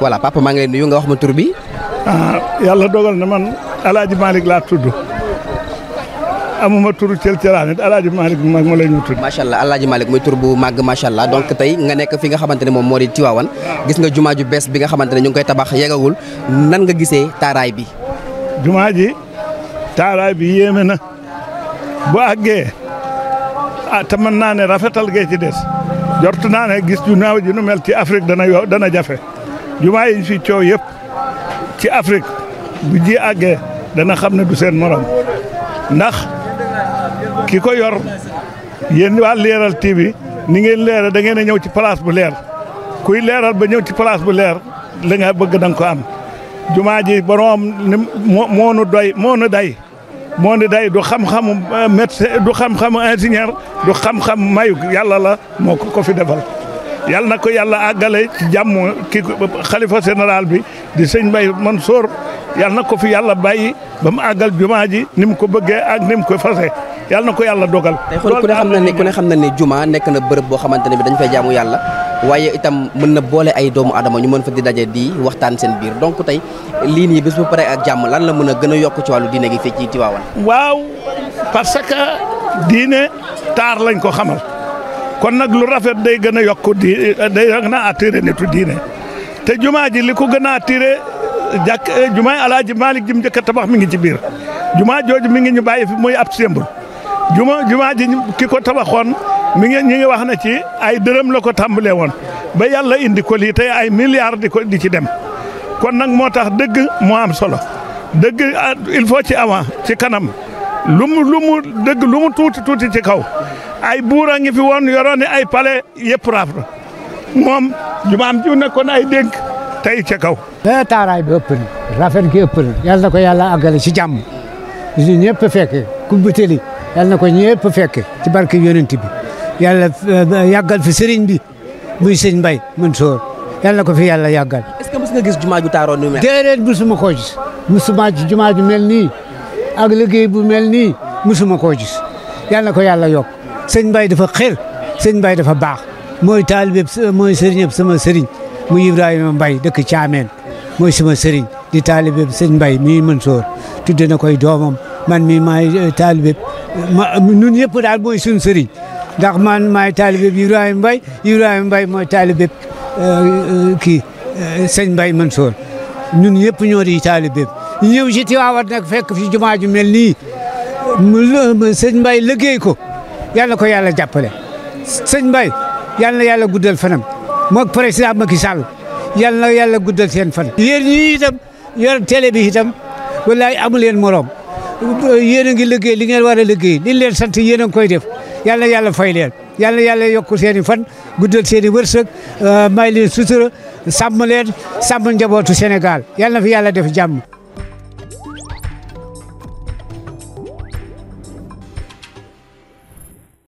voilà papa maa ngi lay nuyu nga wax ma tur bi. Ah, yàlla dogal na man El Hadj Malick laa tudd amuma turu cël cëlaan alaaj El Hadj Malick mag ma lay ñu tudd. macha allah El Hadj Malick tur bu màgg macha allah donc tey nga nekk fi nga xamante ne moom moo di Tiwaawan ah. gis nga jumaa ju bees bi nga xamante ne ñu ngi koy tabax yegagul nan nga gisee taaraay bi. jumaa ji taaraay bi yéeme na bu àggee ah te mën naa ne rafetal gay ci des jort naa ne gis ju naaw ji nu mel ci Afrique dana yow dana jafe jumaa yi ñu fi coow yëpp ci Afrique bu ji àggee dana xam ne du seen morom ndax ki ko yor yéen waa Leral TV ni ngeen leeral da ngeen a ñëw ci place bu leer kuy leeral ba ñëw ci place bu leer li bëgg da ko am jumaa ji boroom moo nu doy moo nu day moo ni day du xam-xamu euh, médecin du xam-xamu ingénieur du xam-xam mayu yàlla la moo ko ko fi defal yàlla na ko yàlla àggale ci jàmm ki xalifa général bi di sëñ man soor yàlla na ko fi yàlla bàyyi ba mu àggal jumaa ji ni mu ko bëggee ak ni ko ko fase yàlla na ko yàlla dogal. loolu ku ne xam na ne ku ne xam na ne juma nekk na bërëb boo xamante ne bi dañ fay jaamu yàlla. waaye itam mën na boole ay doomu aadama ñu mën fa di daje di waxtaan seen biir donc tey liin yi bés ba paree ak jàmm lan la mën a gën a yokk ci wàllu diine gi fii ci Tiwaawan. waaw parce que diine taar lañ ko xamal kon nag lu rafet day gën a yokk di day gën a attiré nitu diine te jumaa ji li ko gën a attiré jàkk eh, jumaay Alaaji Maalik ji mu njëkk a tabax mi ngi ci biir jumaa jooju mu ngi ñu bàyyi fi muy ab symbole juma juma ji ki ko tabaxoon mi ngi ñi wax na ci ay dërëm la ko tàmbalee woon ba yàlla indi ko lii te ay milliards di ko di ci dem kon nag moo tax dëgg moo am solo dëgg ah, il faut ci avant ci kanam lu mu lu mu dëgg lu mu tuuti tuuti ci kaw ay a ngi fi woon yoroon ay palais yëpp raaf la moom jumaam ji nekkoon ay dénk tey ci kaw. mais eh, taaraay bi ëpp na rafet ëpp ko yàlla àggale ci jàmm ñun ñëpp fekke ku yàlla na ko ñëpp fekke ci barke yonent bi yàlla eh, yàggal fi sëriñ bi muy sëñ Mbay Mansoor yàlla na ko fi yàlla yàggal. est-ce que mës nga gis jumaa ju taaroon nu mel. déedéet musuma koo gis musuma jumaa ju mel nii ak liggéey bu mel nii musuma koo gis yàlla ko yàlla yokk sëñ Mbay dafa xër sëñ Mbay dafa baax mooy taalibe mooy sëriñam sama sëriñ muy Ibrahima Mbay dëkk Caameen mooy sama sëriñ di taalibe sëñ Mbay mii Mansoor tudde na koy doomam man mii maay eh, taalibe ma ñun ñëpp daal mooy suñu sëriñ ndax man maay taalibe bi Ibrahima Mbaye Ibrahima mooy taalibe euh, kii euh, sëñ Mbaye Mansour ñun ñëpp ñoo di taalibe ñu ñëw ci Tiwaawan nag fekk fi jumaa ju mel nii sëñ mbay liggéey ko yàlla ko yàlla jàppale sëñ Mbaye yàlla na yàlla guddal fanam moog président Macky Sall yàlla na yàlla guddal seen fan. yéen ñii itam yor télé bi itam wallaay morom. yéen a ngi liggéey li ngeen war a liggéey liñ leen sant yéen a koy def yàlla na yàlla fay leen yàlla na yàlla yokk seen i fan guddal seen i wërsëg euh, may leen sutura sàmm leen sàmm njabootu Sénégal yàlla na fi yàlla def jàmm.